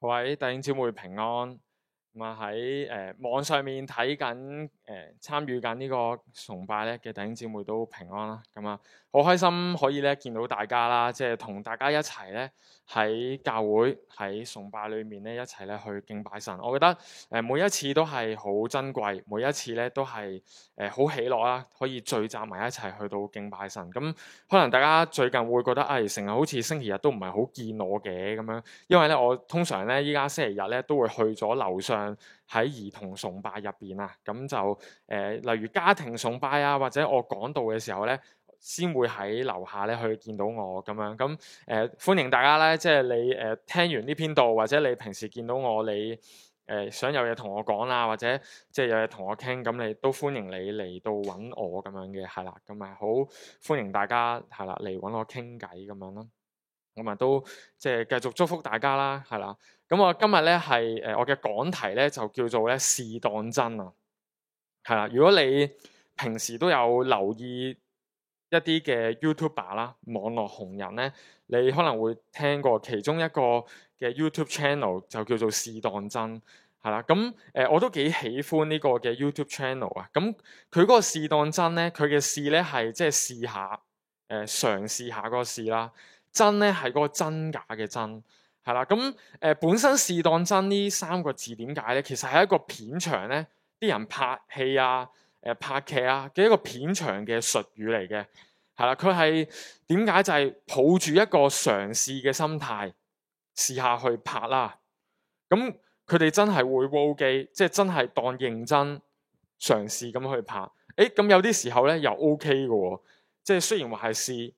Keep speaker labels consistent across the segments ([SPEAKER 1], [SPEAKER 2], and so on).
[SPEAKER 1] 喂，弟兄姊妹平安。咁啊，喺誒網上面睇緊誒參與緊呢個崇拜咧嘅弟兄姊妹都平安啦，咁啊好開心可以咧見到大家啦，即係同大家一齊咧喺教會，喺崇拜裏面咧一齊咧去敬拜神。我覺得誒、呃、每一次都係好珍貴，每一次咧都係誒好喜樂啦，可以聚集埋一齊去到敬拜神。咁、嗯、可能大家最近會覺得誒成日好似星期日都唔係好見我嘅咁樣，因為咧我通常咧依家星期日咧都會去咗樓上。喺兒童崇拜入邊啊，咁就誒、呃，例如家庭崇拜啊，或者我講道嘅時候咧，先會喺樓下咧去見到我咁樣。咁、呃、誒，歡迎大家咧，即係你誒、呃、聽完呢篇道，或者你平時見到我，你誒、呃、想有嘢同我講啊，或者即係有嘢同我傾，咁你都歡迎你嚟到搵我咁樣嘅，係啦，咁咪好歡迎大家係啦嚟搵我傾偈咁樣咯。我啊，都即係繼續祝福大家啦，係啦。咁我今日呢係誒、呃，我嘅講題呢，就叫做呢試當真啊，係啦。如果你平時都有留意一啲嘅 YouTuber 啦，網絡紅人呢，你可能會聽過其中一個嘅 YouTube channel 就叫做試當真，係啦。咁誒、呃，我都幾喜歡呢個嘅 YouTube channel 啊。咁佢嗰個試當真呢，佢嘅試呢係即係試下誒，嘗、呃、試下個試啦。真咧係個真假嘅真，係啦。咁誒、呃、本身試當真呢三個字點解咧？其實係一個片場咧，啲人拍戲啊、誒、呃、拍劇啊嘅一個片場嘅術語嚟嘅，係啦。佢係點解就係、是、抱住一個嘗試嘅心態試下去拍啦、啊。咁佢哋真係會嘅，即係真係當認真嘗試咁去拍。誒、欸、咁有啲時候咧又 OK 嘅、哦，即係雖然話係試。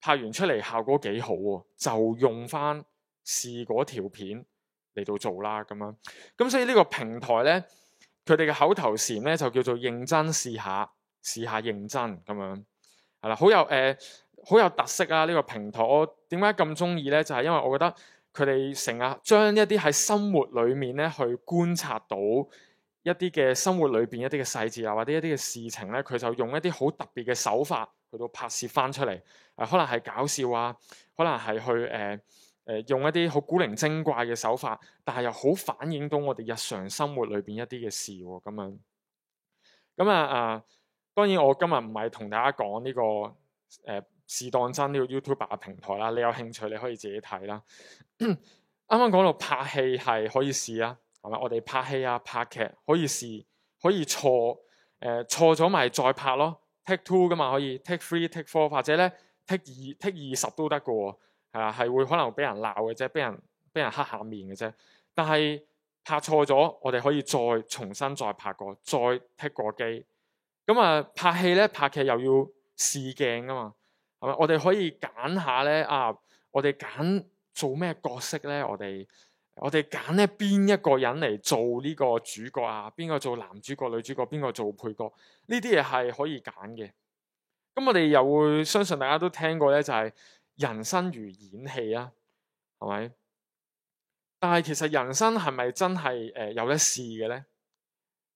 [SPEAKER 1] 拍完出嚟效果幾好喎、啊，就用翻試過條片嚟到做啦咁樣。咁所以呢個平台咧，佢哋嘅口頭禪咧就叫做認真試下，試下認真咁樣。係啦，好有誒、呃，好有特色啊！呢、呢個平台我點解咁中意咧？就係、係、因為我覺得佢哋成日將一啲喺生活裏面咧去觀察到一啲嘅生活裏邊一啲嘅細節啊，或者一啲嘅事情咧，佢就用一啲好特別嘅手法。去到拍攝翻出嚟，誒、呃、可能係搞笑啊，可能係去誒誒、呃呃、用一啲好古靈精怪嘅手法，但係又好反映到我哋日常生活裏邊一啲嘅事喎、哦，咁啊，咁啊啊，當然我今日唔係同大家講呢、這個誒試、呃、當真呢個 YouTube 嘅平台啦，你有興趣你可以自己睇啦。啱啱講到拍戲係可以試啊，係嘛？我哋拍戲啊拍劇可以試，可以錯誒錯咗咪再拍咯。take two 噶嘛，可以 take three take four 或者咧 take 二 take 二十都得噶喎，係啊係，會可能俾人鬧嘅啫，俾人俾人黑下面嘅啫。但係拍錯咗，我哋可以再重新再拍過，再 take 過機。咁、嗯、啊拍戲咧拍劇又要試鏡噶嘛，係咪？我哋可以揀下咧啊，我哋揀做咩角色咧？我哋。我哋揀咧邊一個人嚟做呢個主角啊？邊個做男主角、女主角？邊個做配角？呢啲嘢係可以揀嘅。咁我哋又會相信大家都聽過咧，就係人生如演戲啊，係咪？但係其實人生係咪真係誒有得試嘅咧？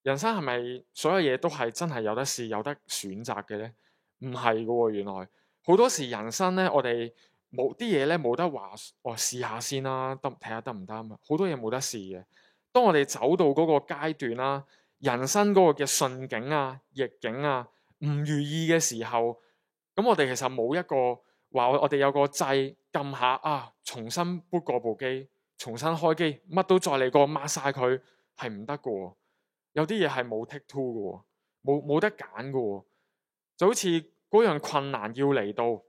[SPEAKER 1] 人生係咪所有嘢都係真係有得試、有得選擇嘅咧？唔係噶，原來好多時人生咧，我哋。冇啲嘢咧冇得話，我、哦、試下先啦，得睇下得唔得啊？好多嘢冇得試嘅。當我哋走到嗰個階段啦、啊，人生嗰個嘅順境啊、逆境啊，唔如意嘅時候，咁我哋其實冇一個話我哋有個掣撳下啊，重新 boot 過部機，重新開機，乜都再嚟過抹晒佢係唔得噶。有啲嘢係冇 take two 噶，冇冇得揀噶。就好似嗰樣困難要嚟到。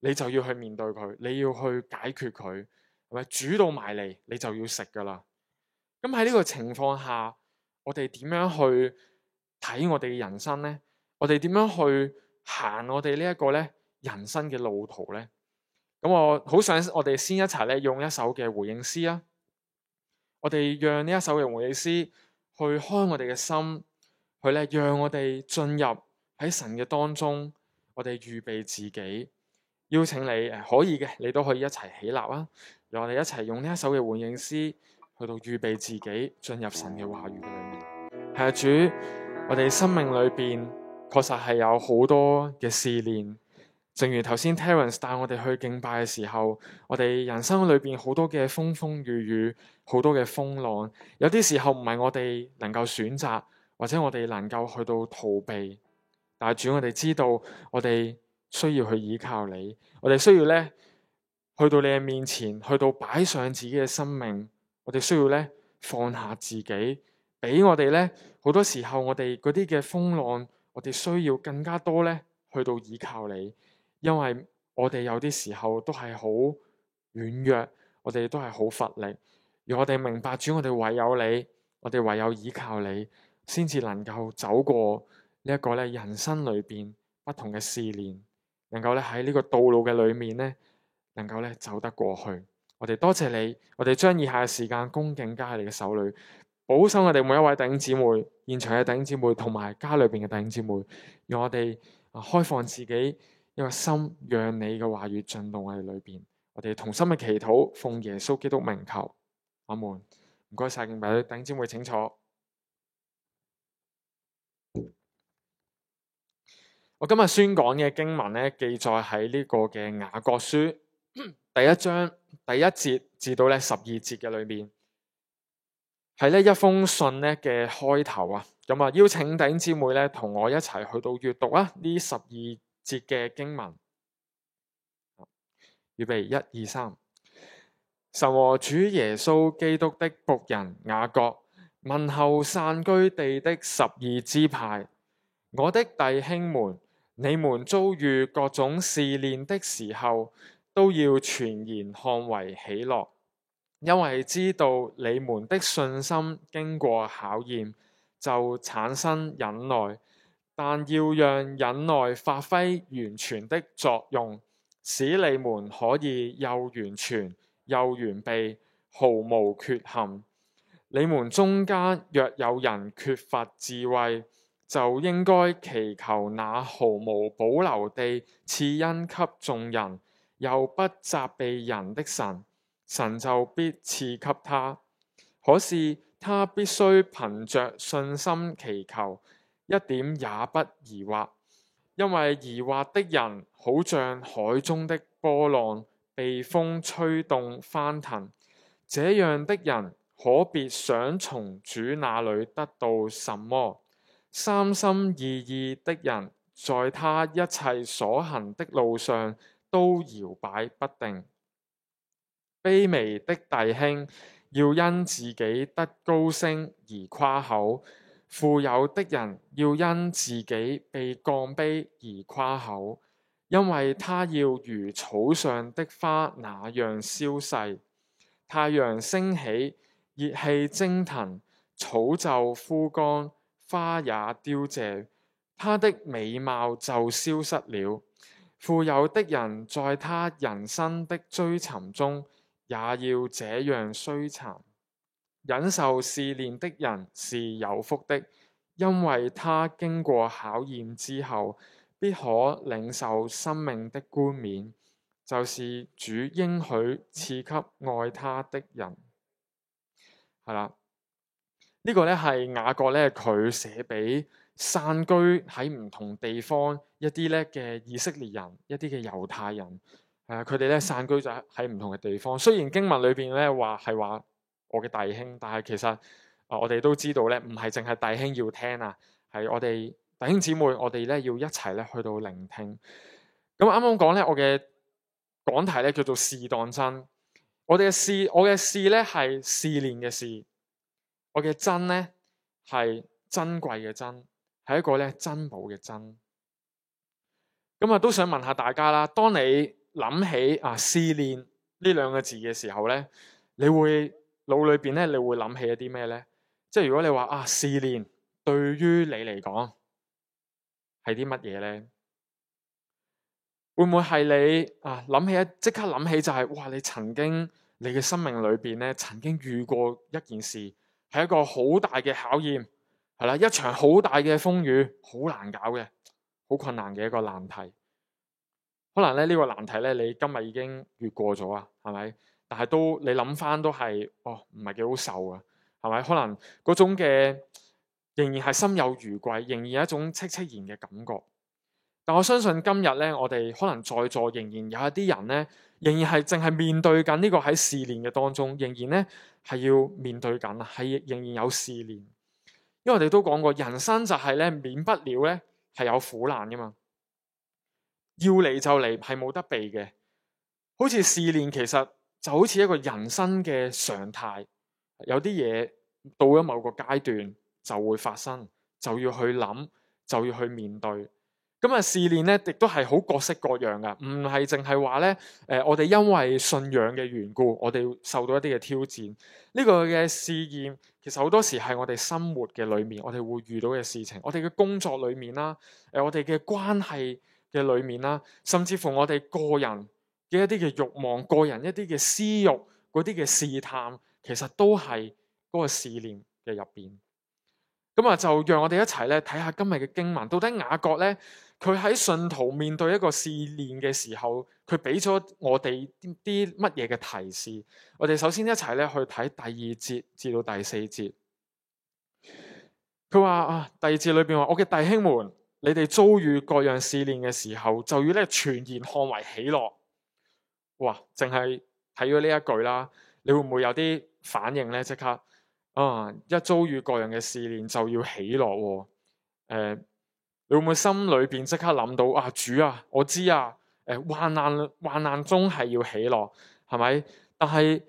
[SPEAKER 1] 你就要去面對佢，你要去解決佢，係咪煮到埋嚟？你就要食噶啦。咁喺呢個情況下，我哋點樣去睇我哋嘅人生呢？我哋點樣去行我哋呢一個咧人生嘅路途呢？咁我好想我哋先一齊咧用一首嘅回應詩啊！我哋讓呢一首嘅回應詩去開我哋嘅心，去咧讓我哋進入喺神嘅當中，我哋預備自己。邀請你，可以嘅，你都可以一齊起，起立啊！讓我哋一齊用呢一首嘅回應詩，去到預備自己進入神嘅話語裏面。係啊， 主，我哋生命裏邊確實係有好多嘅試煉，正如頭先 Terence 帶我哋去敬拜嘅時候，我哋人生裏邊好多嘅風風雨雨，好多嘅風浪，有啲時候唔係我哋能夠選擇，或者我哋能夠去到逃避。但係主，我哋知道，我哋。需要去依靠你，我哋需要咧去到你嘅面前，去到擺上自己嘅生命。我哋需要咧放下自己，俾我哋咧好多時候，我哋嗰啲嘅風浪，我哋需要更加多咧去到依靠你，因為我哋有啲時候都係好軟弱，我哋都係好乏力。而我哋明白主，我哋唯有你，我哋唯有依靠你，先至能夠走過呢一個咧人生裏邊不同嘅試煉。能夠咧喺呢個道路嘅裏面呢，能夠咧走得過去。我哋多謝你，我哋將以下嘅時間恭敬交喺你嘅手裏，保守我哋每一位弟兄姊妹，現場嘅弟兄姊妹同埋家裏面嘅弟兄姊妹，讓我哋啊開放自己一個心，讓你嘅話語進到我哋裏面，我哋同心嘅祈禱，奉耶穌基督名求。阿門。唔該晒敬拜隊弟兄姊妹，請坐。我今日宣講嘅經文咧，記載喺呢個嘅雅各書第一章第一節至到咧十二節嘅裏面，係呢一封信咧嘅開頭啊。咁啊，邀請弟兄姊妹咧同我一齊去到閱讀啊呢十二節嘅經文。預備一二三，神和主耶穌基督的僕人雅各問候散居地的十二支派，我的弟兄們。你們遭遇各種試煉的時候，都要全然看為喜樂，因為知道你們的信心經過考驗，就產生忍耐。但要讓忍耐發揮完全的作用，使你們可以又完全，又完備，毫無缺陷。你們中間若有人缺乏智慧，就應該祈求那毫無保留地賜恩給眾人，又不責備人的神，神就必賜給他。可是他必須憑着信心祈求，一點也不疑惑，因為疑惑的人好像海中的波浪，被風吹動翻騰。這樣的人可別想從主那裏得到什麼。三心二意的人，在他一切所行的路上都搖擺不定。卑微的弟兄要因自己得高升而誇口，富有的人要因自己被降卑而誇口，因為他要如草上的花那樣消逝。太陽升起，熱氣蒸騰，草就枯乾。花也凋謝，他的美貌就消失了。富有的人在他人生的追尋中，也要這樣衰殘。忍受試煉的人是有福的，因為他經過考驗之後，必可領受生命的冠冕，就是主應許賜給愛他的人。係啦。呢個咧係雅各咧，佢寫俾散居喺唔同地方一啲咧嘅以色列人，一啲嘅猶太人，誒、呃，佢哋咧散居就喺唔同嘅地方。雖然經文裏邊咧話係話我嘅弟兄，但係其實啊、呃，我哋都知道咧，唔係淨係弟兄要聽啊，係我哋弟兄姊妹，我哋咧要一齊咧去到聆聽。咁啱啱講咧，我嘅講題咧叫做試當珍。我哋嘅試，我嘅試咧係試煉嘅試。我嘅珍咧係珍貴嘅珍，係一個咧珍寶嘅珍。咁、嗯、啊，都想問下大家啦。當你諗起啊試煉呢兩個字嘅時候咧，你會腦裏邊咧你會諗起一啲咩咧？即係如果你話啊試煉對於你嚟講係啲乜嘢咧？會唔會係你啊諗起一即刻諗起就係、是、哇你曾經你嘅生命裏邊咧曾經遇過一件事？係一個好大嘅考驗，係啦，一場好大嘅風雨，好難搞嘅，好困難嘅一個難題。可能咧呢、這個難題咧，你今日已經越過咗啊，係咪？但係都你諗翻都係，哦，唔係幾好受啊，係咪？可能嗰種嘅仍然係心有餘悸，仍然係一種戚戚然嘅感覺。但我相信今日咧，我哋可能在座仍然有一啲人咧，仍然係淨係面對緊呢個喺試煉嘅當中，仍然咧係要面對緊，係仍然有試煉。因為我哋都講過，人生就係咧免不了咧係有苦難噶嘛，要嚟就嚟，係冇得避嘅。好似試煉，其實就好似一個人生嘅常態。有啲嘢，到咗某個階段就會發生，就要去諗，就要去面對。咁啊，試煉咧，亦都係好各式各樣噶唔係淨係話咧，誒，我哋因為信仰嘅緣故，我哋受到一啲嘅挑戰。呢個嘅試驗，其實好多時係我哋生活嘅裏面，我哋會遇到嘅事情。我哋嘅工作裏面啦，誒，我哋嘅關係嘅裏面啦，甚至乎我哋個人嘅一啲嘅慾望、個人一啲嘅私慾嗰啲嘅試探，其實都係嗰個試煉嘅入邊。咁啊，就讓我哋一齊咧睇下今日嘅經文，到底雅各咧。佢喺信徒面對一個試煉嘅時候，佢俾咗我哋啲乜嘢嘅提示？我哋首先一齊咧去睇第二節至到第四節。佢話啊，第二節裏邊話：我嘅弟兄們，你哋遭遇各樣試煉嘅時候，就要咧全然看為喜樂。哇！淨係睇咗呢一句啦，你會唔會有啲反應咧？即刻啊！一遭遇各樣嘅試煉，就要喜樂。誒、呃。你會唔會心裏邊即刻諗到啊，主啊，我知啊，誒，患難患難中係要喜樂，係咪？但係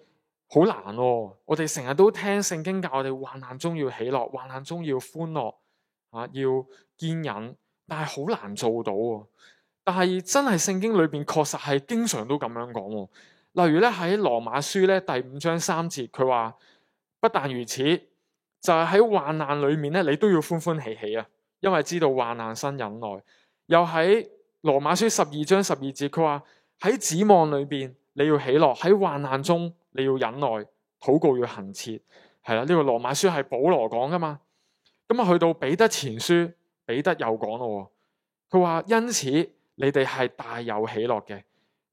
[SPEAKER 1] 好難哦。我哋成日都聽聖經教我哋患難中要喜樂，患難中要歡樂啊，要堅忍，但係好難做到哦。但係真係聖經裏邊確實係經常都咁樣講。例如咧喺羅馬書咧第五章三節，佢話不但如此，就係喺患難裡面咧，你都要歡歡喜喜啊。因為知道患難生忍耐，又喺羅馬書十二章十二節，佢話喺指望裏邊你要喜樂，喺患難中你要忍耐，禱告要恒切，係啦。呢個羅馬書係保羅講噶嘛，咁啊去到彼得前書，彼得又講咯，佢話因此你哋係大有喜樂嘅，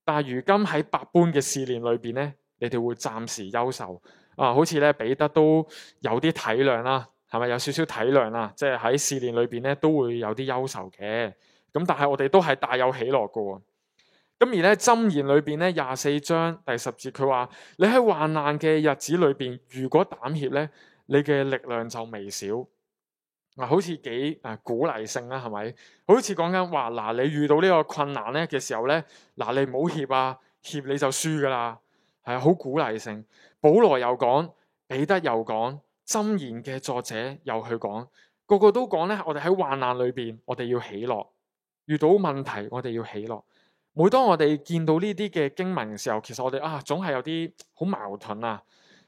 [SPEAKER 1] 但係如今喺百般嘅試煉裏邊咧，你哋會暫時憂愁，啊，好似咧彼得都有啲體諒啦。係咪有少少體諒啦，啊？即係喺試練裏邊咧，都會有啲憂愁嘅。咁但係我哋都係大有喜樂嘅。咁而咧箴言裏邊咧廿四章第十節，佢話：你喺患難嘅日子裏邊，如果膽怯咧，你嘅力量就微小。啊，嗱，好似幾、呃、啊鼓勵性啦，係咪？好似講緊話嗱，你遇到呢個困難咧嘅時候咧，嗱你唔好怯啊，怯你就輸噶啦，係好鼓勵性。保羅又講，彼得又講。箴言嘅作者又去講，個個都講咧。我哋喺患難裏邊，我哋要喜樂；遇到問題，我哋要喜樂。每當我哋見到呢啲嘅經文嘅時候，其實我哋啊，總係有啲好矛盾啊。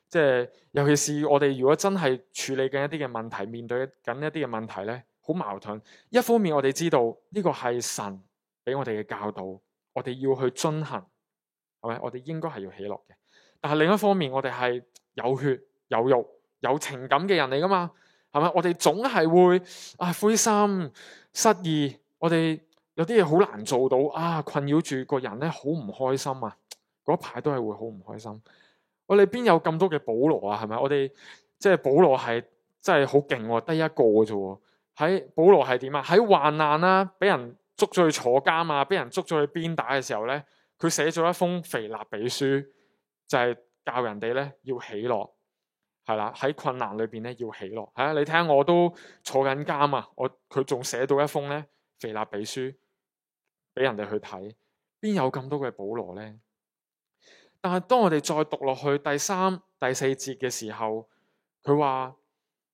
[SPEAKER 1] 即係尤其是我哋如果真係處理緊一啲嘅問題，面對緊一啲嘅問題咧，好矛盾。一方面我哋知道呢個係神俾我哋嘅教導，我哋要去遵行，係咪？我哋應該係要喜樂嘅。但係另一方面，我哋係有血有肉。有情感嘅人嚟噶嘛，係咪？我哋總係會啊灰心失意，我哋有啲嘢好難做到啊，困擾住個人咧，好唔開心啊！嗰排都係會好唔開心。我哋邊有咁多嘅保羅啊？係咪？我哋即係保羅係真係好勁，得一個啫。喺保羅係點啊？喺患難啦，俾人捉咗去坐監啊，俾人捉咗去鞭打嘅時候咧，佢寫咗一封腓立比書，就係、是、教人哋咧要喜樂。係啦，喺困難裏邊咧要喜樂。吓，你睇下我都坐緊監啊，我佢仲寫到一封咧腓立比書俾人哋去睇，邊有咁多嘅保羅咧？但係當我哋再讀落去第三、第四節嘅時候，佢話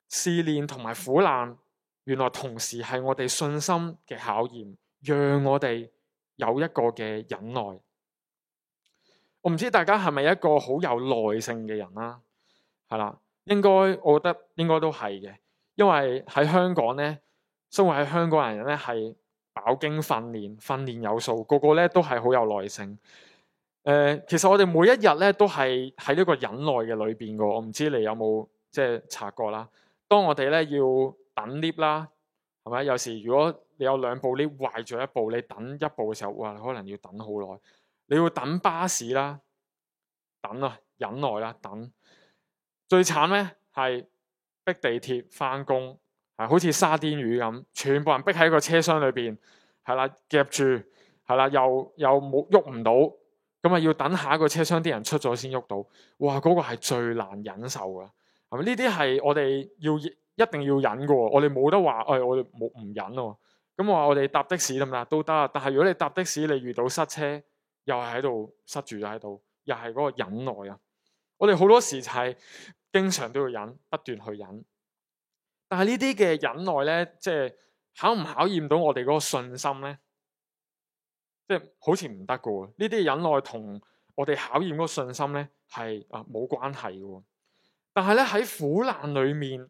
[SPEAKER 1] 試煉同埋苦難，原來同時係我哋信心嘅考驗，讓我哋有一個嘅忍耐。我唔知大家係咪一個好有耐性嘅人啦？係啦，應該我覺得應該都係嘅，因為喺香港咧，生活喺香港人咧，係飽經訓練，訓練有素，個個咧都係好有耐性。誒、呃，其實我哋每一日咧都係喺呢個忍耐嘅裏邊噶，我唔知你有冇即係察覺啦。當我哋咧要等 lift 啦，係咪？有時如果你有兩部 lift 壞咗一部，你等一部嘅時候，哇，可能要等好耐。你要等巴士啦，等啊，忍耐啦，等。最慘咧係逼地鐵翻工，啊，好似沙甸魚咁，全部人逼喺個車廂裏邊，係啦，夾住，係啦，又又冇喐唔到，咁啊要等下一個車廂啲人出咗先喐到，哇，嗰個係最難忍受噶，係呢啲係我哋要一定要忍噶，我哋冇得話，誒，我哋冇唔忍咯，咁我話我哋搭的士得唔得？都得，但係如果你搭的士，你遇到塞車，又係喺度塞住咗喺度，又係嗰個忍耐啊，我哋好多時就係。經常都要忍，不斷去忍，但係呢啲嘅忍耐咧，即係考唔考驗到我哋嗰個信心咧，即係好似唔得噶。呢啲忍耐同我哋考驗嗰個信心咧係啊冇關係噶。但係咧，喺苦難裏面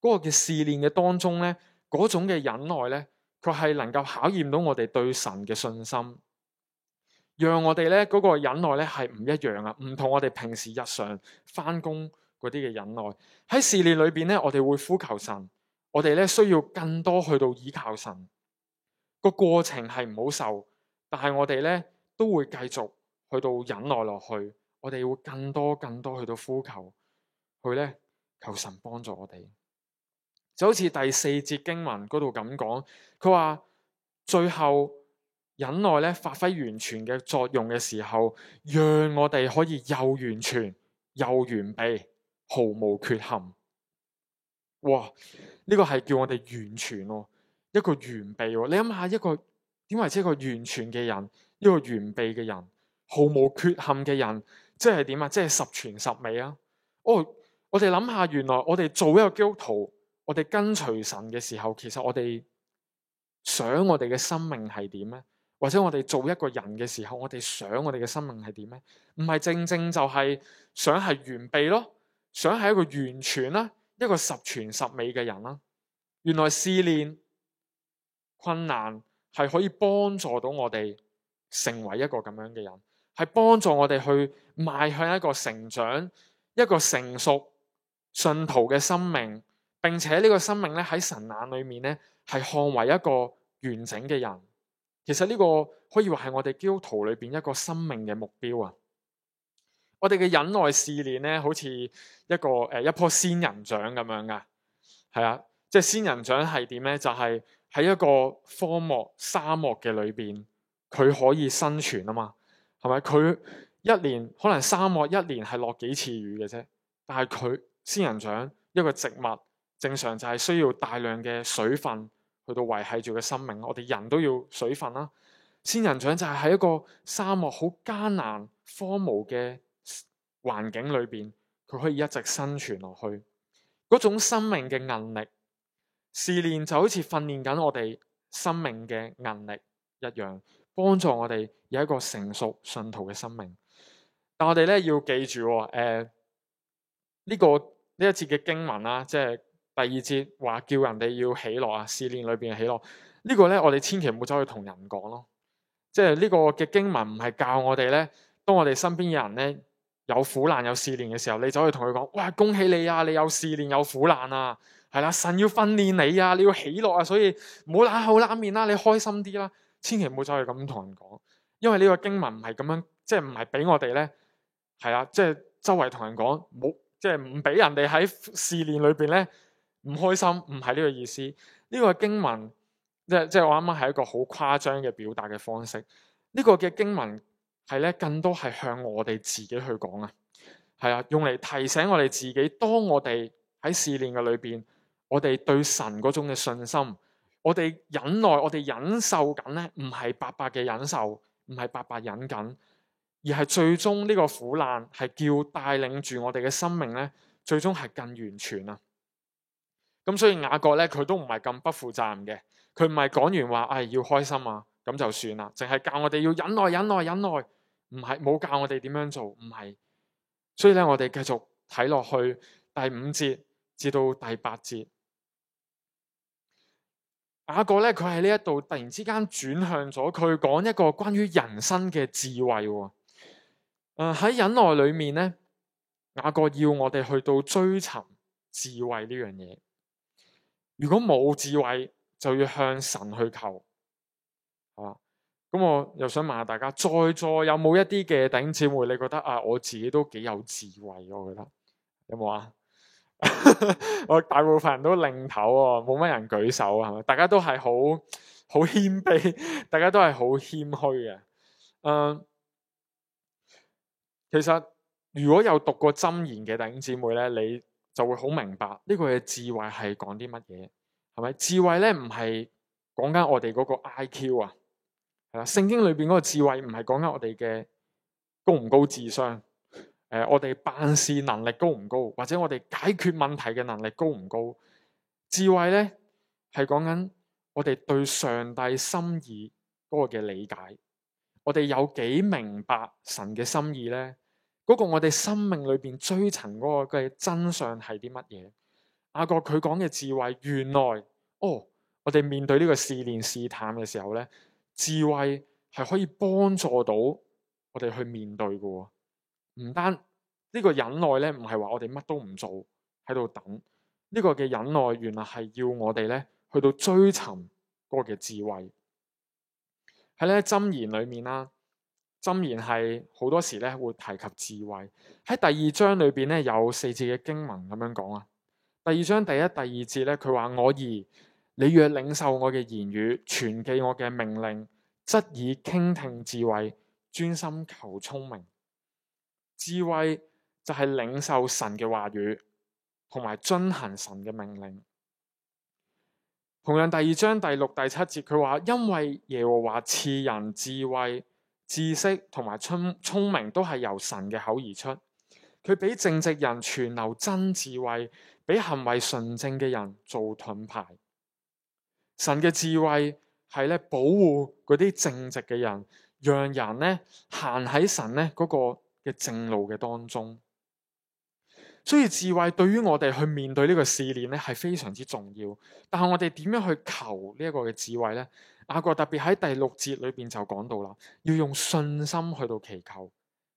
[SPEAKER 1] 嗰個嘅試煉嘅當中咧，嗰種嘅忍耐咧，佢係能夠考驗到我哋對神嘅信心，讓我哋咧嗰個忍耐咧係唔一樣啊，唔同我哋平時日常翻工。嗰啲嘅忍耐喺試煉裏邊咧，我哋會呼求神，我哋咧需要更多去到依靠神，個過程係唔好受，但係我哋咧都會繼續去到忍耐落去，我哋會更多更多去到呼求去咧，求神幫助我哋，就好似第四節經文嗰度咁講，佢話，最後忍耐咧發揮完全嘅作用嘅時候，讓我哋可以又完全又完備，毫無缺陷，哇！呢、這個係叫我哋完全咯、哦，一個完備、哦。你諗下一個點為之一個完全嘅人，一個完備嘅人，毫無缺陷嘅人，即係點啊？即係十全十美啊！哦，我哋諗下，原來我哋做一個基督徒，我哋跟隨神嘅時候，其實我哋想我哋嘅生命係點咧？或者我哋做一個人嘅時候，我哋想我哋嘅生命係點咧？唔係正正就係想係完備咯？想係一個完全啦，一個十全十美嘅人啦。原來試煉困難係可以幫助到我哋成為一個咁樣嘅人，係幫助我哋去邁向一個成長、一個成熟信徒嘅生命，並且呢個生命咧喺神眼裏面咧係看為一個完整嘅人。其實呢個可以話係我哋基督徒裏邊一個生命嘅目標啊。我哋嘅忍耐試煉咧，好似一個誒、呃、一棵仙人掌咁樣噶，係啊，即係仙人掌係點咧？就係、是、喺一個荒漠沙漠嘅裏邊，佢可以生存啊嘛，係咪？佢一年可能沙漠一年係落幾次雨嘅啫，但係佢仙人掌一個植物正常就係需要大量嘅水分去到維繫住嘅生命。我哋人都要水分啦，仙人掌就係喺一個沙漠好艱難荒蕪嘅。環境裏邊，佢可以一直生存落去。嗰種生命嘅韌力試煉，就好似訓練緊我哋生命嘅韌力一樣，幫助我哋有一個成熟信徒嘅生命。但我哋咧要記住，誒、呃、呢、這個呢一節嘅經文啦，即係第二節話叫人哋要喜樂啊，試煉裏邊嘅喜樂。這個、呢個咧我哋千祈唔好走去同人講咯。即係呢個嘅經文唔係教我哋咧，當我哋身邊嘅人咧。有苦難有試煉嘅時候，你走去同佢講，哇！恭喜你啊，你有試煉有苦難啊，係啦，神要訓練你啊，你要喜樂啊，所以唔好冷口冷面啦，啊，你開心啲啦，啊，千祈唔好走去咁同人講，因為呢個經文唔係咁樣，即係唔係俾我哋咧，係啊，即係周圍同人講，冇，即係唔俾人哋喺試煉裏邊咧唔開心，唔係呢個意思，呢、這個經文即係即係我啱啱係一個好誇張嘅表達嘅方式，呢、這個嘅經文。係咧，更多係向我哋自己去講啊，係啊，用嚟提醒我哋自己，當我哋喺試煉嘅裏邊，我哋對神嗰種嘅信心，我哋忍耐，我哋忍受緊咧，唔係白白嘅忍受，唔係白白忍緊，而係最終呢個苦難係叫帶領住我哋嘅生命咧，最終係更完全啊。咁所以雅各咧，佢都唔係咁不負責任嘅，佢唔係講完話，唉、哎，要開心啊。咁就算啦，淨係教我哋要忍耐、忍耐、忍耐，唔係冇教我哋點樣做，唔係。所以咧，我哋繼續睇落去第五節至到第八節。雅各咧，佢喺呢一度突然之間轉向咗，佢講一個關於人生嘅智慧。誒、呃，喺忍耐裏面咧，雅各要我哋去到追尋智慧呢樣嘢。如果冇智慧，就要向神去求。咁我又想問下大家，在座有冇一啲嘅弟兄姊妹，你覺得啊，我自己都幾有智慧，我覺得有冇啊？ 我大部分人都擰頭，冇乜人舉手啊，係咪？大家都係好好謙卑，大家都係好謙虛嘅。誒、嗯，其實如果有讀過箴言嘅弟兄姊妹咧，你就會好明白呢個嘅智慧係講啲乜嘢，係咪？智慧咧唔係講緊我哋嗰個 I.Q. 啊。係啦，聖經裏邊嗰個智慧唔係講緊我哋嘅高唔高智商，誒，我哋辦事能力高唔高，或者我哋解決問題嘅能力高唔高？智慧咧係講緊我哋對上帝心意嗰個嘅理解，我哋有幾明白神嘅心意咧？嗰個我哋生命裏邊追尋嗰個嘅真相係啲乜嘢？雅各佢講嘅智慧，原來哦，我哋面對呢個試煉試探嘅時候咧。智慧係可以幫助到我哋去面對嘅，唔單呢個忍耐咧，唔係話我哋乜都唔做喺度等，呢、這個嘅忍耐原來係要我哋咧去到追尋嗰個嘅智慧。喺呢一箴言裏面啦，箴言係好多時咧會提及智慧。喺第二章裏邊咧有四節嘅經文咁樣講啊。第二章第一、第二節咧，佢話我而。你若領受我嘅言語，存記我嘅命令，則以傾聽智慧，專心求聰明。智慧就係領受神嘅話語，同埋遵行神嘅命令。同樣，第二章第六、第七節佢話：因為耶和華賜人智慧，知識同埋聰聰明，都係由神嘅口而出。佢俾正直人存留真智慧，俾行為純正嘅人做盾牌。神嘅智慧係咧保護嗰啲正直嘅人，讓人咧行喺神咧嗰個嘅正路嘅當中。所以智慧對於我哋去面對呢個試煉咧係非常之重要。但係我哋點樣去求呢一個嘅智慧咧？雅各特別喺第六節裏邊就講到啦，要用信心去到祈求。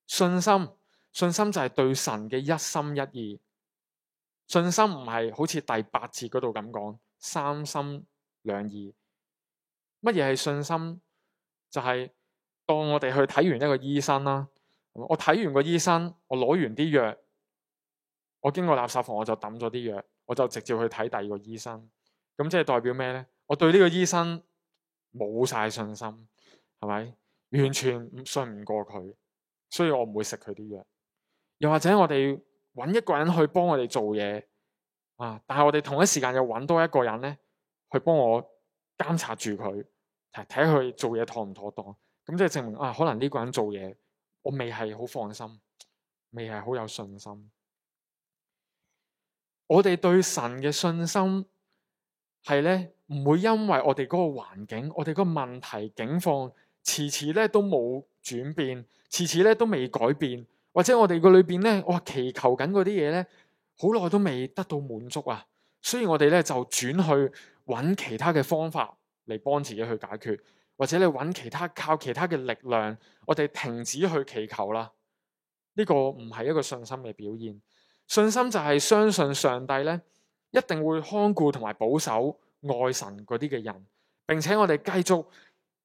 [SPEAKER 1] 信心，信心就係對神嘅一心一意。信心唔係好似第八節嗰度咁講三心。兩意，乜嘢係信心？就係當我哋去睇完一個醫生啦，我睇完個醫生，我攞完啲藥，我經過垃圾房，我就抌咗啲藥，我就直接去睇第二個醫生。咁即係代表咩咧？我對呢個醫生冇晒信心，係咪？完全信唔過佢，所以我唔會食佢啲藥。又或者我哋揾一個人去幫我哋做嘢啊，但係我哋同一時間又揾多一個人咧。佢幫我監察住佢，睇睇佢做嘢妥唔妥當，咁即係證明啊，可能呢個人做嘢，我未係好放心，未係好有信心。我哋對神嘅信心係咧，唔會因為我哋嗰個環境，我哋嗰個問題境況，遲遲咧都冇轉變，遲遲咧都未改變，或者我哋個裏邊咧，我祈求緊嗰啲嘢咧，好耐都未得到滿足啊，所以我哋咧就轉去。揾其他嘅方法嚟幫自己去解決，或者你揾其他靠其他嘅力量，我哋停止去祈求啦。呢個唔係一個信心嘅表現。信心就係相信上帝咧，一定會看顧同埋保守愛神嗰啲嘅人，並且我哋繼續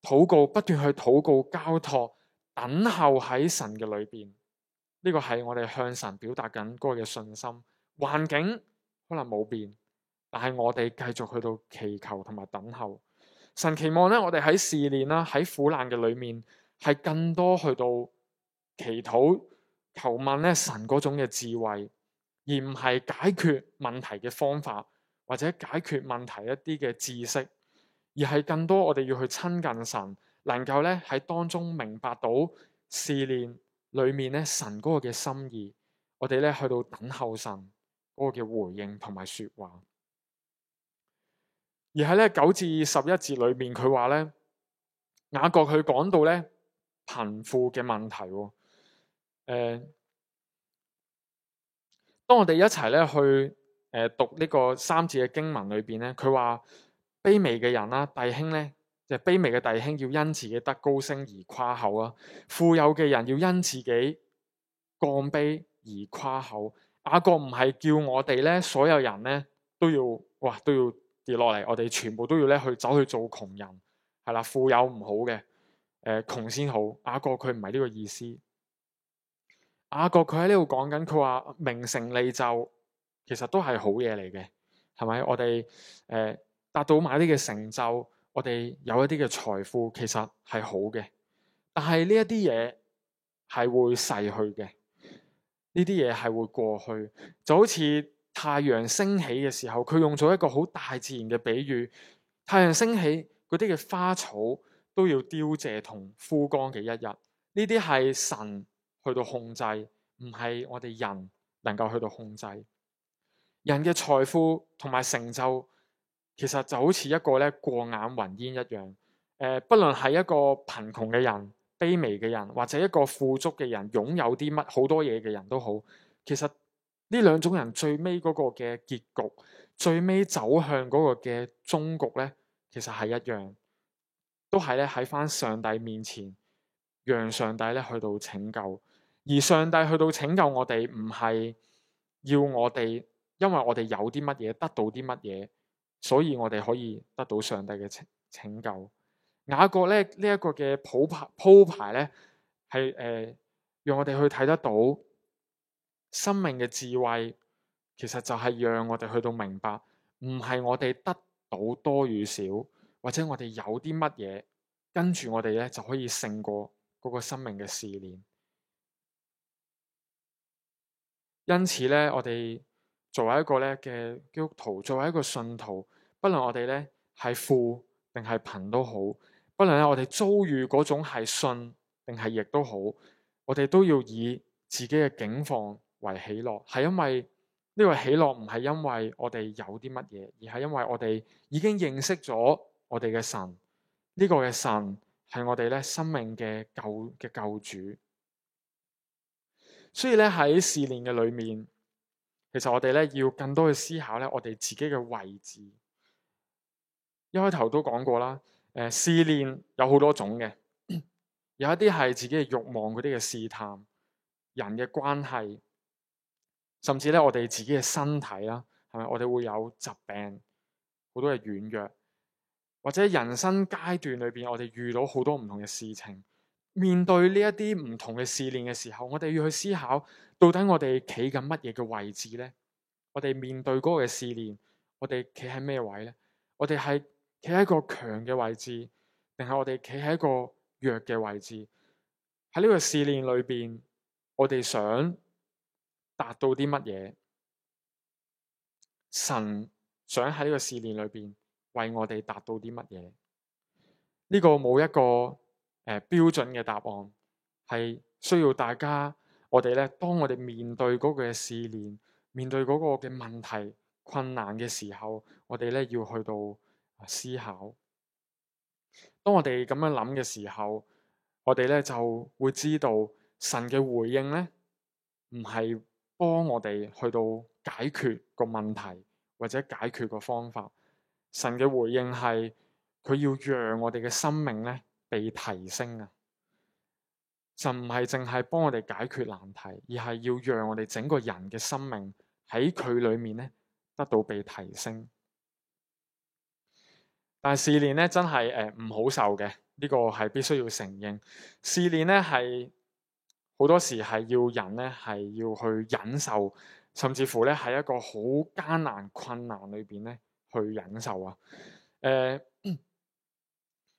[SPEAKER 1] 禱告，不斷去禱告交託，等候喺神嘅裏邊。呢個係我哋向神表達緊嗰個嘅信心。環境可能冇變。但係我哋繼續去到祈求同埋等候神，期望咧，我哋喺試煉啦，喺苦難嘅裏面，係更多去到祈禱、求問咧神嗰種嘅智慧，而唔係解決問題嘅方法或者解決問題一啲嘅知識，而係更多我哋要去親近神，能夠咧喺當中明白到試煉裏面咧神嗰個嘅心意，我哋咧去到等候神嗰個嘅回應同埋說話。而喺咧九至十一節裏面，佢話咧雅各佢講到咧貧富嘅問題。誒、呃，當我哋一齊咧去誒讀呢個三節嘅經文裏邊咧，佢話卑微嘅人啦，弟兄咧就卑、是、微嘅弟兄要因自己得高升而誇口啊，富有嘅人要因自己降卑而誇口。雅各唔係叫我哋咧所有人咧都要哇都要。跌落嚟，我哋全部都要咧去走去做窮人，係啦，富有唔好嘅，誒、呃，窮先好。阿哥佢唔係呢個意思，阿哥佢喺呢度講緊，佢話名成利就，其實都係好嘢嚟嘅，係咪？我哋誒、呃、達到買啲嘅成就，我哋有一啲嘅財富，其實係好嘅，但係呢一啲嘢係會逝去嘅，呢啲嘢係會過去，就好似。太陽升起嘅時候，佢用咗一個好大自然嘅比喻：太陽升起嗰啲嘅花草都要凋謝同枯乾嘅一日。呢啲係神去到控制，唔係我哋人能夠去到控制。人嘅財富同埋成就，其實就好似一個咧過眼雲煙一樣。誒、呃，不論係一個貧窮嘅人、卑微嘅人，或者一個富足嘅人，擁有啲乜好多嘢嘅人都好，其實。呢兩種人最尾嗰個嘅結局，最尾走向嗰個嘅終局咧，其實係一樣，都係咧喺翻上帝面前，讓上帝咧去到拯救，而上帝去到拯救我哋，唔係要我哋，因為我哋有啲乜嘢得到啲乜嘢，所以我哋可以得到上帝嘅拯拯救。雅各咧呢一個嘅鋪排鋪排咧係誒，讓我哋去睇得到。生命嘅智慧，其實就係讓我哋去到明白，唔係我哋得到多與少，或者我哋有啲乜嘢，跟住我哋咧就可以勝過嗰個生命嘅試煉。因此咧，我哋作為一個咧嘅基督徒，作為一個信徒，不論我哋咧係富定係貧都好，不論咧我哋遭遇嗰種係順定係逆都好，我哋都要以自己嘅境況為喜樂，係因為呢個喜樂唔係因為我哋有啲乜嘢，而係因為我哋已經認識咗我哋嘅神。呢個嘅神係我哋咧生命嘅救嘅救主。所以咧喺試煉嘅裏面，其實我哋咧要更多去思考咧我哋自己嘅位置。一開頭都講過啦，誒，試煉有好多種嘅，有一啲係自己嘅欲望，嗰啲嘅試探，人嘅關係。甚至咧，我哋自己嘅身體啦，係咪？我哋會有疾病，好多嘅軟弱，或者人生階段裏邊，我哋遇到好多唔同嘅事情。面對呢一啲唔同嘅試煉嘅時候，我哋要去思考，到底我哋企緊乜嘢嘅位置咧？我哋面對嗰個嘅試煉，我哋企喺咩位咧？我哋係企喺一個強嘅位置，定係我哋企喺一個弱嘅位置？喺呢個試煉裏邊，我哋想。達到啲乜嘢？神想喺呢個試煉裏邊為我哋達到啲乜嘢？呢、這個冇一個誒、呃、標準嘅答案，係需要大家我哋咧，當我哋面對嗰個嘅試煉，面對嗰個嘅問題困難嘅時候，我哋咧要去到思考。當我哋咁樣諗嘅時候，我哋咧就會知道神嘅回應咧唔係。幫我哋去到解決個問題或者解決個方法，神嘅回應係佢要讓我哋嘅生命咧被提升啊，就唔係淨係幫我哋解決難題，而係要讓我哋整個人嘅生命喺佢裏面咧得到被提升。但試煉咧真係誒唔好受嘅，呢個係必須要承認。試煉咧係。好多時係要忍咧，係要去忍受，甚至乎咧喺一個好艱難困難裏邊咧去忍受啊！誒、呃，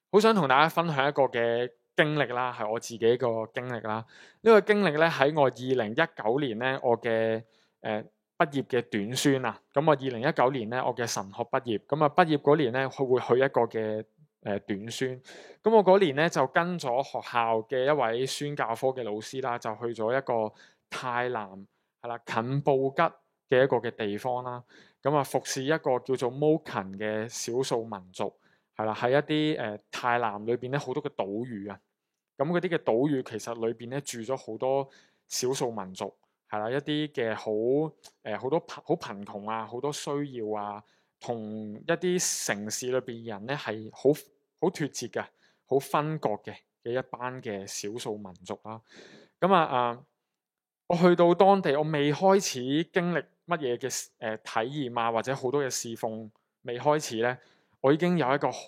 [SPEAKER 1] 好、嗯、想同大家分享一個嘅經歷啦，係我自己個經歷啦。呢、這個經歷咧喺我二零一九年咧，我嘅誒、呃、畢業嘅短宣啊。咁我二零一九年咧，我嘅神學畢業。咁啊，我畢業嗰年咧，佢會去一個嘅誒短宣，咁我嗰年咧就跟咗學校嘅一位宣教科嘅老師啦，就去咗一個泰南係啦，近布吉嘅一個嘅地方啦。咁啊，服侍一個叫做摩勤嘅少數民族係啦，喺一啲誒、呃、泰南裏邊咧好多嘅島嶼啊。咁嗰啲嘅島嶼其實裏邊咧住咗好多少數民族係啦，一啲嘅好誒好多貧好貧窮啊，好多需要啊。同一啲城市裏邊人咧，係好好脫節嘅，好分割嘅嘅一班嘅少數民族啦。咁啊啊，我去到當地，我未開始經歷乜嘢嘅誒體驗啊，或者好多嘅侍奉未開始咧，我已經有一個好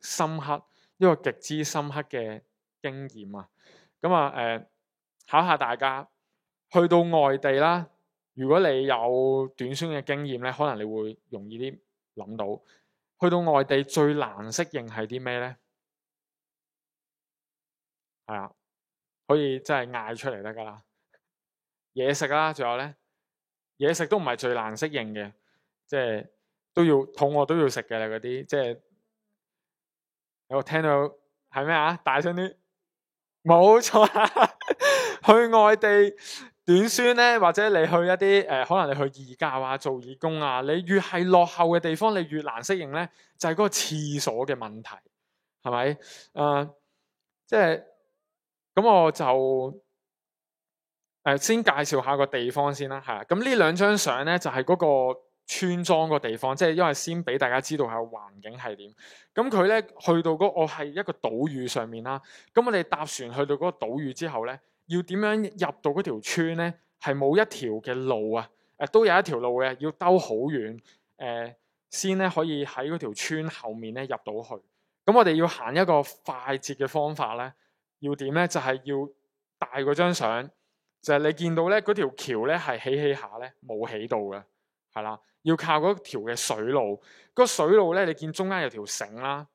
[SPEAKER 1] 深刻，一個極之深刻嘅經驗啊。咁啊誒、啊，考下大家，去到外地啦，如果你有短宣嘅經驗咧，可能你會容易啲。諗到去到外地最難適應係啲咩咧？係啊，可以真係嗌出嚟得噶啦。嘢食啦、啊，仲有咧，嘢食都唔係最難適應嘅，即係都要肚餓都要食嘅嗰啲，即係有聽到係咩啊？大聲啲，冇錯 去外地。短宣咧，或者你去一啲誒、呃，可能你去義教啊、做義工啊，你越係落後嘅地方，你越難適應咧，就係、是、嗰個廁所嘅問題，係咪？誒、呃，即係咁，我就誒、呃、先介紹下個地方先啦，係啊。咁呢兩張相咧，就係、是、嗰個村莊個地方，即係因為先俾大家知道下環境係點。咁佢咧去到嗰、那個，係一個島嶼上面啦。咁我哋搭船去到嗰個島嶼之後咧。要點樣入到嗰條村咧？係冇一條嘅路啊！誒、呃，都有一條路嘅，要兜好遠誒，先咧可以喺嗰條村後面咧入到去。咁我哋要行一個快捷嘅方法咧，要點咧？就係、是、要帶嗰張相，就係、是、你見到咧嗰條橋咧係起起下咧冇起到嘅，係啦，要靠嗰條嘅水路。個水路咧，你見中間有條繩啦，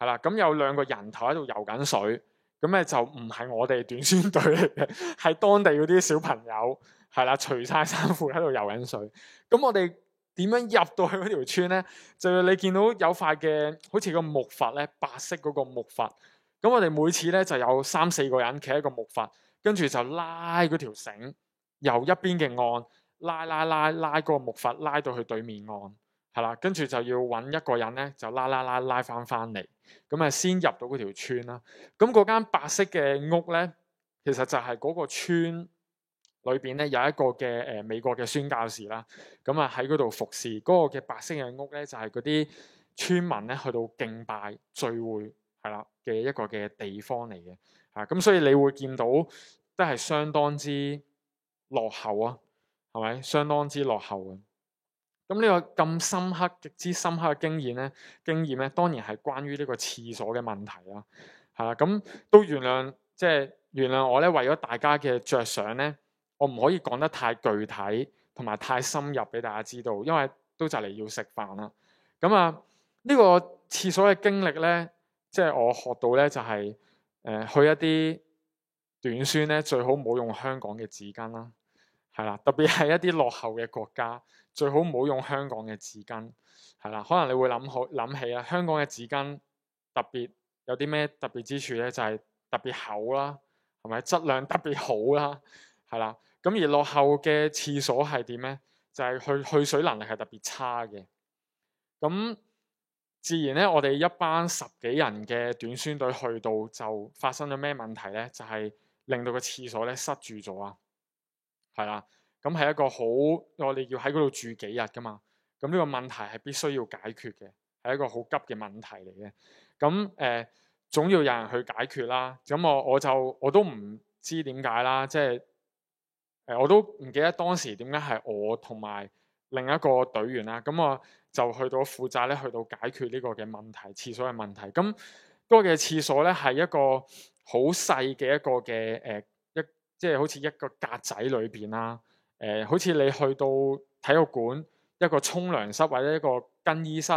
[SPEAKER 1] 係啦，咁有兩個人頭喺度游緊水。咁咧就唔係我哋短宣隊嚟嘅，係當地嗰啲小朋友，係啦，除晒衫褲喺度遊緊水。咁我哋點樣入到去嗰條村咧？就你見到有塊嘅，好似個木筏咧，白色嗰個木筏。咁我哋每次咧就有三四個人企喺個木筏，跟住就拉嗰條繩，由一邊嘅岸拉拉拉拉嗰個木筏，拉到去對面岸。係啦，跟住就要揾一個人咧，就拉拉拉拉返返嚟，咁啊先入到嗰條村啦。咁嗰間白色嘅屋咧，其實就係嗰個村裏邊咧有一個嘅誒、呃、美國嘅宣教士啦。咁啊喺嗰度服侍。嗰個嘅白色嘅屋咧，就係嗰啲村民咧去到敬拜聚會係啦嘅一個嘅地方嚟嘅。嚇咁所以你會見到都係相當之落後啊，係咪相當之落後啊？咁呢個咁深刻、極之深刻嘅經驗咧，經驗咧，當然係關於呢個廁所嘅問題啦、啊。係、啊、啦，咁都原諒，即、就、係、是、原諒我咧，為咗大家嘅着想咧，我唔可以講得太具體同埋太深入俾大家知道，因為都就嚟要食飯啦。咁啊，這個、廁呢個廁所嘅經歷咧，即、就、係、是、我學到咧，就係、是、誒、呃、去一啲短宣咧，最好唔好用香港嘅紙巾啦。係啦，特別係一啲落後嘅國家，最好唔好用香港嘅紙巾。係啦，可能你會諗好諗起啦，香港嘅紙巾特別有啲咩特別之處咧？就係特別厚啦，係咪質量特別好啦？係啦，咁而落後嘅廁所係點咧？就係去去水能力係特別差嘅。咁自然咧，我哋一班十幾人嘅短宣隊去到就發生咗咩問題咧？就係令到個廁所咧塞住咗啊！係啦，咁係一個好我哋要喺嗰度住幾日噶嘛，咁呢個問題係必須要解決嘅，係一個好急嘅問題嚟嘅。咁誒、呃，總要有人去解決啦。咁我我就我都唔知點解啦，即係誒，我都唔、即係呃、記得當時點解係我同埋另一個隊員啦。咁我就去到負責咧，去到解決呢個嘅問題，廁所嘅問題。咁嗰、嗰個嘅廁所咧係一個好細嘅一個嘅誒。呃即係好似一個格仔裏邊啦，誒、呃，好似你去到體育館一個沖涼室或者一個更衣室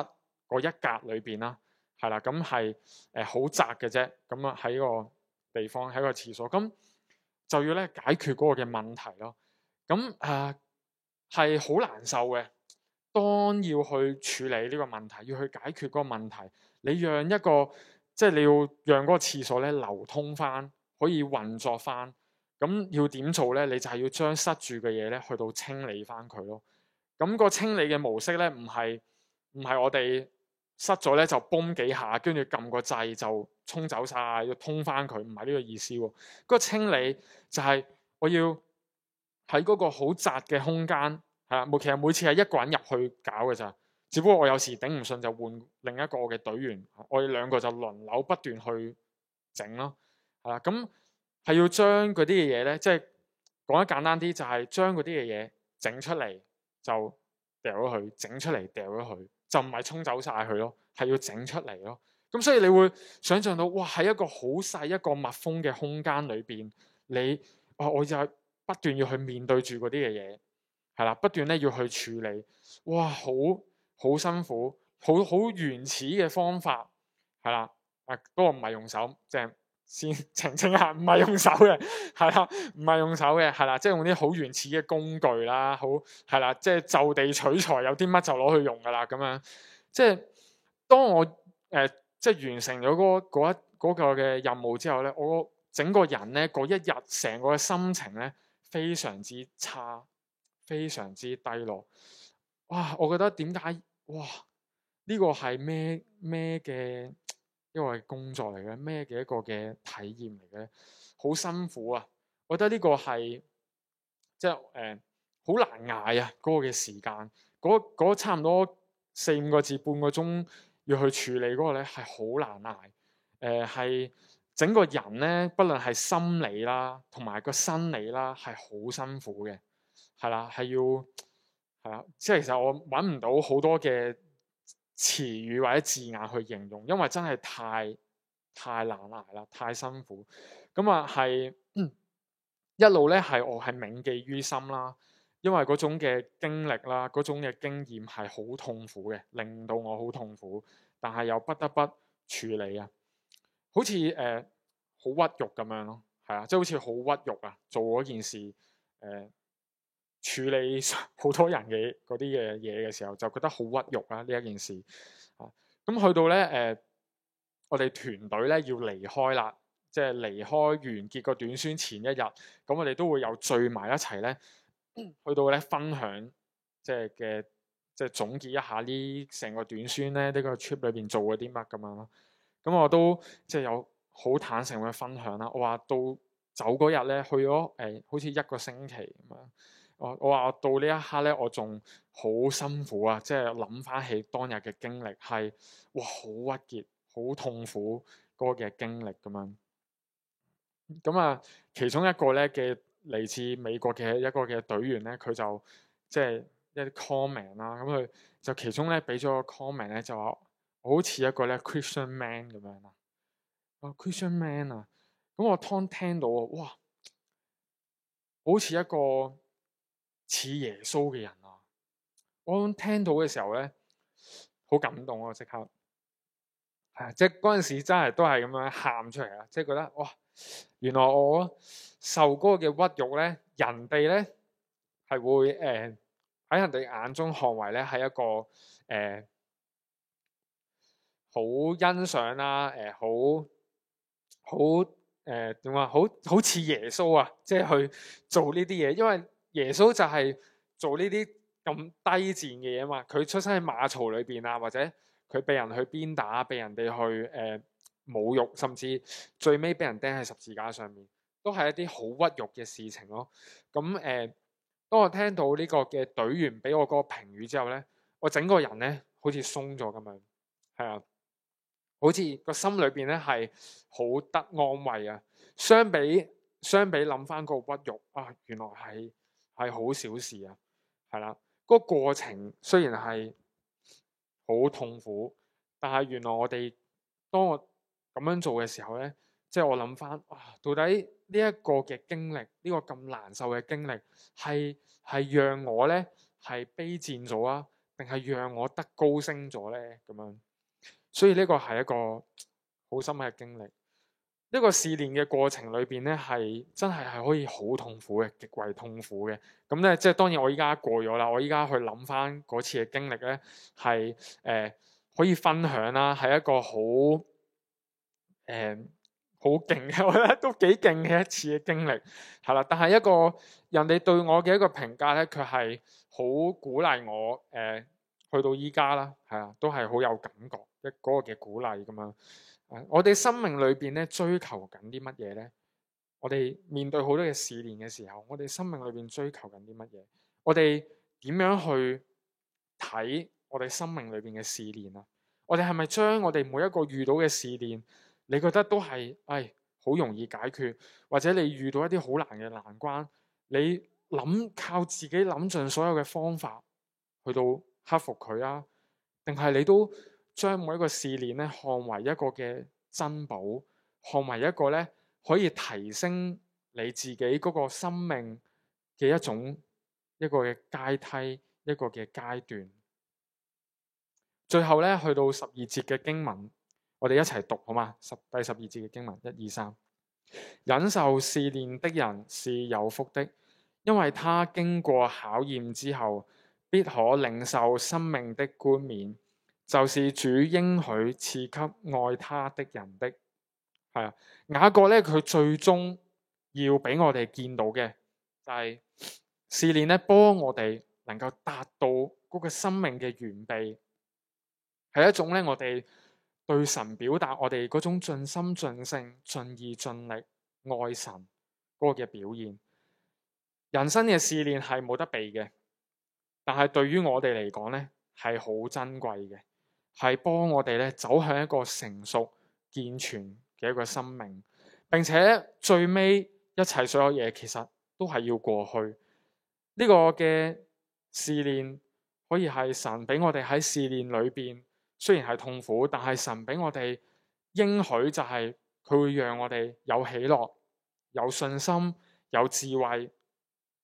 [SPEAKER 1] 嗰一格裏邊啦，係啦，咁係誒好窄嘅啫。咁啊喺個地方喺個廁所咁就要咧解決嗰個嘅問題咯。咁啊係好難受嘅，當要去處理呢個問題，要去解決嗰個問題，你讓一個即係你要讓嗰個廁所咧流通翻，可以運作翻。咁要點做呢？你就係要將塞住嘅嘢咧，去到清理翻佢咯。咁個清理嘅模式呢，唔係唔係我哋塞咗呢就崩幾下，跟住撳個掣就沖走晒，要通翻佢，唔係呢個意思。嗰個清理就係我要喺嗰個好窄嘅空間，係啦，其實每次係一個人入去搞嘅咋。只不過我有時頂唔順就換另一個我嘅隊員，我哋兩個就輪流不斷去整咯。係啦，咁。.係要將嗰啲嘅嘢咧，即係講得簡單啲，就係、是、將嗰啲嘅嘢整出嚟就掉咗佢，整出嚟掉咗佢，就唔係沖走晒佢咯，係要整出嚟咯。咁所以你會想象到，哇，喺一個好細一個密封嘅空間裏邊，你啊我就係不斷要去面對住嗰啲嘅嘢，係啦，不斷咧要去處理，哇，好好辛苦，好好原始嘅方法，係啦，嗱、啊，嗰個唔係用手，即係。先澄清下，唔係用手嘅，係啦，唔係用手嘅，係啦，即係用啲好原始嘅工具啦，好係啦，即係就地取材，有啲乜就攞去用噶啦，咁樣。即係當我誒、呃、即係完成咗嗰嗰一個嘅、那個那個、任務之後咧，我整個人咧嗰一日成個心情咧非常之差，非常之低落。哇！我覺得點解哇呢、呢個係咩咩嘅？因為工作嚟嘅咩嘅一個嘅體驗嚟嘅，好辛苦啊！我覺得呢個係即係誒，好、呃、難捱啊！嗰、嗰個嘅時間，嗰、嗰、嗰、個嗰個、差唔多四五個字半個鐘要去處理嗰個咧，係好難捱。誒，係整個人咧，不論係心理啦，同埋個生理啦，係好辛苦嘅。係啦，係要係啦，即係其實我揾唔到好多嘅。詞語或者字眼去形容，因為真係太太難捱啦，太辛苦。咁啊，係、嗯、一路咧，係我係銘記於心啦。因為嗰種嘅經歷啦，嗰種嘅經驗係好痛苦嘅，令到我好痛苦。但係又不得不處理、呃、啊，即係、好似誒好屈辱咁樣咯，係啊，即係好似好屈辱啊，做嗰件事誒。呃處理好多人嘅嗰啲嘅嘢嘅時候，就覺得好屈辱啊！呢一件事啊，咁去到咧，誒、呃，我哋團隊咧要離開啦，即係離開完結個短宣前一日，咁我哋都會有聚埋一齊咧，去到咧分享，即係嘅，即係總結一下呢成個短宣咧呢、這個 trip 裏邊做咗啲乜咁樣咯。咁我都即係有好坦誠咁樣分享啦。我話到走嗰日咧，去咗誒、呃，好似一個星期咁樣。我我話我到呢一刻咧，我仲好辛苦啊！即係諗翻起當日嘅經歷，係哇好鬱結、好痛苦嗰個嘅經歷咁樣。咁啊，其中一個咧嘅嚟自美國嘅一個嘅隊員咧，佢就即係一啲 comment 啦。咁佢就其中咧俾咗個 comment 咧，就話好似一個咧 Christian man 咁樣啊。Christian man 啊，咁我 Tom 聽到啊，哇，好似一個。似耶穌嘅人啊！我聽到嘅時候咧，好感動啊！即刻係啊，即係嗰陣時真係都係咁樣喊出嚟啊！即係覺得哇，原來我受嗰個嘅屈辱咧，人哋咧係會誒喺、呃、人哋眼中看為咧係一個誒、呃、好欣賞啦，誒好好誒點啊，呃、好好似、呃、耶穌啊！即係去做呢啲嘢，因為。耶穌就係做呢啲咁低賤嘅嘢啊嘛，佢出生喺馬槽裏邊啊，或者佢被人去鞭打，被人哋去誒、呃、侮辱，甚至最尾俾人釘喺十字架上面，都係一啲好屈辱嘅事情咯。咁、嗯、誒、呃，當我聽到呢個嘅隊員俾我個評語之後咧，我整個人咧好似鬆咗咁樣，係啊，好似個心裏邊咧係好得安慰啊。相比相比諗翻個屈辱啊，原來係。係好小事啊，係啦，嗰個過程雖然係好痛苦，但係原來我哋當我咁樣做嘅時候咧，即係我諗翻，哇，到底呢一個嘅經歷，呢個咁難受嘅經歷，係係讓我咧係卑賤咗啊，定係讓我得高升咗咧？咁樣，所以呢個係一個好深刻嘅經歷。呢個試煉嘅過程裏邊咧，係真係係可以好痛苦嘅，極為痛苦嘅。咁咧，即係當然我依家過咗啦。我依家去諗翻嗰次嘅經歷咧，係誒、呃、可以分享啦，係一個好誒好勁嘅，我覺得都幾勁嘅一次嘅經歷。係啦，但係一個人哋對我嘅一個評價咧，佢係好鼓勵我。誒、呃，去到依家啦，係啊，都係好有感覺一嗰、嗰個嘅鼓勵咁樣。我哋生命裏邊咧追求緊啲乜嘢咧？我哋面對好多嘅試煉嘅時候，我哋生命裏邊追求緊啲乜嘢？我哋點樣去睇我哋生命裏邊嘅試煉啊？我哋係咪將我哋每一個遇到嘅試煉，你覺得都係唉好容易解決？或者你遇到一啲好難嘅難關，你諗靠自己諗盡所有嘅方法去到克服佢啊？定係你都？將每一個試煉咧，看為一個嘅珍寶，看為一個咧可以提升你自己嗰個生命嘅一種一個嘅階梯，一個嘅階段。最後咧，去到十二節嘅經文，我哋一齊讀好嘛？十第十二節嘅經文，一二三，忍受試煉的人是有福的，因為他經過考驗之後，必可領受生命的冠冕。就是主應許賜給愛他的人的，係啊。雅各咧，佢最終要俾我哋見到嘅就係試煉咧，幫我哋能夠達到嗰個生命嘅完備，係一種咧我哋對神表達我哋嗰種盡心盡性、盡意盡力愛神嗰個嘅表現。人生嘅試煉係冇得避嘅，但係對於我哋嚟講咧係好珍貴嘅。係幫我哋咧走向一個成熟健全嘅一個生命，並且最尾一切所有嘢其實都係要過去呢、這個嘅試煉，可以係神俾我哋喺試煉裏邊雖然係痛苦，但係神俾我哋應許就係佢會讓我哋有喜樂、有信心、有智慧，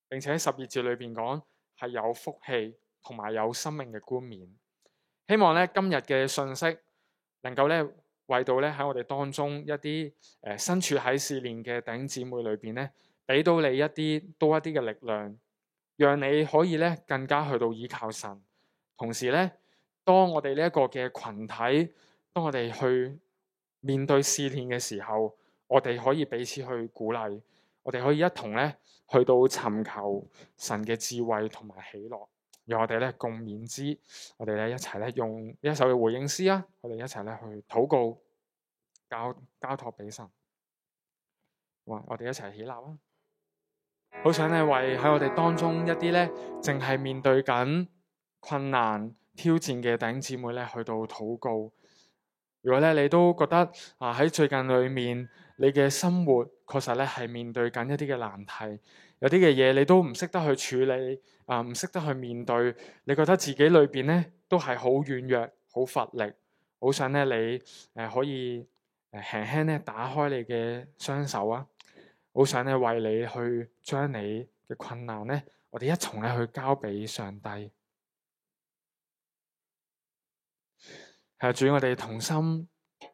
[SPEAKER 1] 並且喺十二節裏邊講係有福氣同埋有生命嘅冠冕。希望咧今日嘅信息能夠咧為到咧喺我哋當中一啲誒身處喺試煉嘅弟兄姊妹裏邊咧，俾到你一啲多一啲嘅力量，讓你可以咧更加去到依靠神。同時咧，當我哋呢一個嘅群體，當我哋去面對試煉嘅時候，我哋可以彼此去鼓勵，我哋可以一同咧去到尋求神嘅智慧同埋喜樂。讓我哋咧共勉之，我哋咧一齊咧用一首嘅回應詩啊，我哋一齊咧去禱告，交交託俾神。哇，我哋一齊起，起立啊！好想咧為喺我哋當中一啲咧淨係面對緊困難挑戰嘅弟兄姊妹咧去到禱告。如果咧你都覺得啊喺最近裏面你嘅生活確實咧係面對緊一啲嘅難題。有啲嘅嘢你都唔識得去處理，啊唔識得去面對，你覺得自己裏邊咧都係好軟弱、好乏力，好想咧你誒可以誒、呃、輕輕咧打開你嘅雙手啊，好想咧為你去將你嘅困難咧，我哋一重咧去交俾上帝。啊，主我哋同心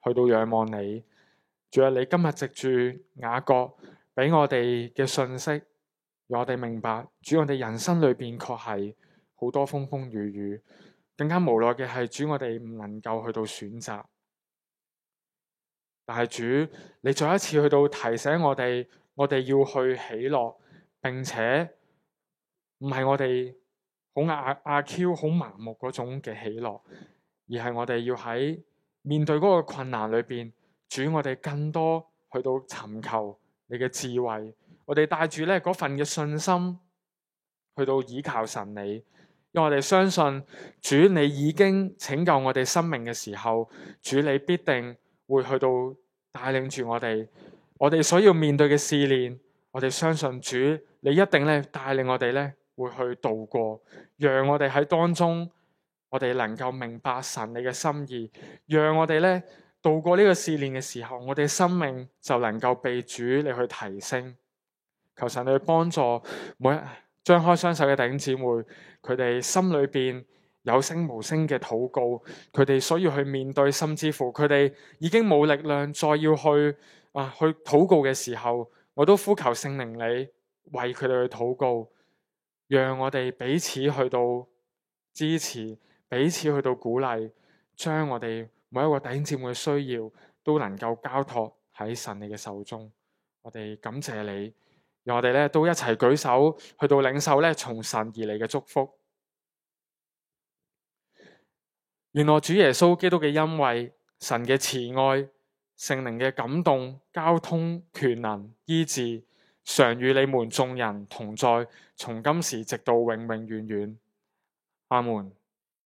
[SPEAKER 1] 去到仰望你，主啊，你今日藉住雅各畀我哋嘅信息。我哋明白，主我哋人生裏邊確係好多風風雨雨，更加無奈嘅係，主我哋唔能夠去到選擇。但係主，你再一次去到提醒我哋，我哋要去喜樂，並且唔係我哋好阿阿阿 Q 好麻木嗰種嘅喜樂，而係我哋要喺面對嗰個困難裏邊，主我哋更多去到尋求你嘅智慧。我哋帶住咧嗰份嘅信心，去到倚靠神你，因為我哋相信主你已經拯救我哋生命嘅時候，主你必定會去到帶領住我哋。我哋所要面對嘅試煉，我哋相信主你一定咧帶領我哋咧會去度過，讓我哋喺當中我哋能夠明白神你嘅心意，讓我哋咧度過呢個試煉嘅時候，我哋生命就能夠被主你去提升。求神你去幫助每一張開雙手嘅弟兄姊妹，佢哋心裏邊有聲無聲嘅禱告，佢哋所要去面對，甚至乎佢哋已經冇力量再要去啊去禱告嘅時候，我都呼求聖靈你為佢哋去禱告，讓我哋彼此去到支持，彼此去到鼓勵，將我哋每一個弟兄姊妹嘅需要都能夠交託喺神你嘅手中。我哋感謝你。讓我哋咧都一齊舉手去到領受咧從神而嚟嘅祝福。原來主耶穌基督嘅恩惠、神嘅慈愛、聖靈嘅感動、交通權能、醫治，常與你們眾人同在，從今時直到永永遠遠。阿門。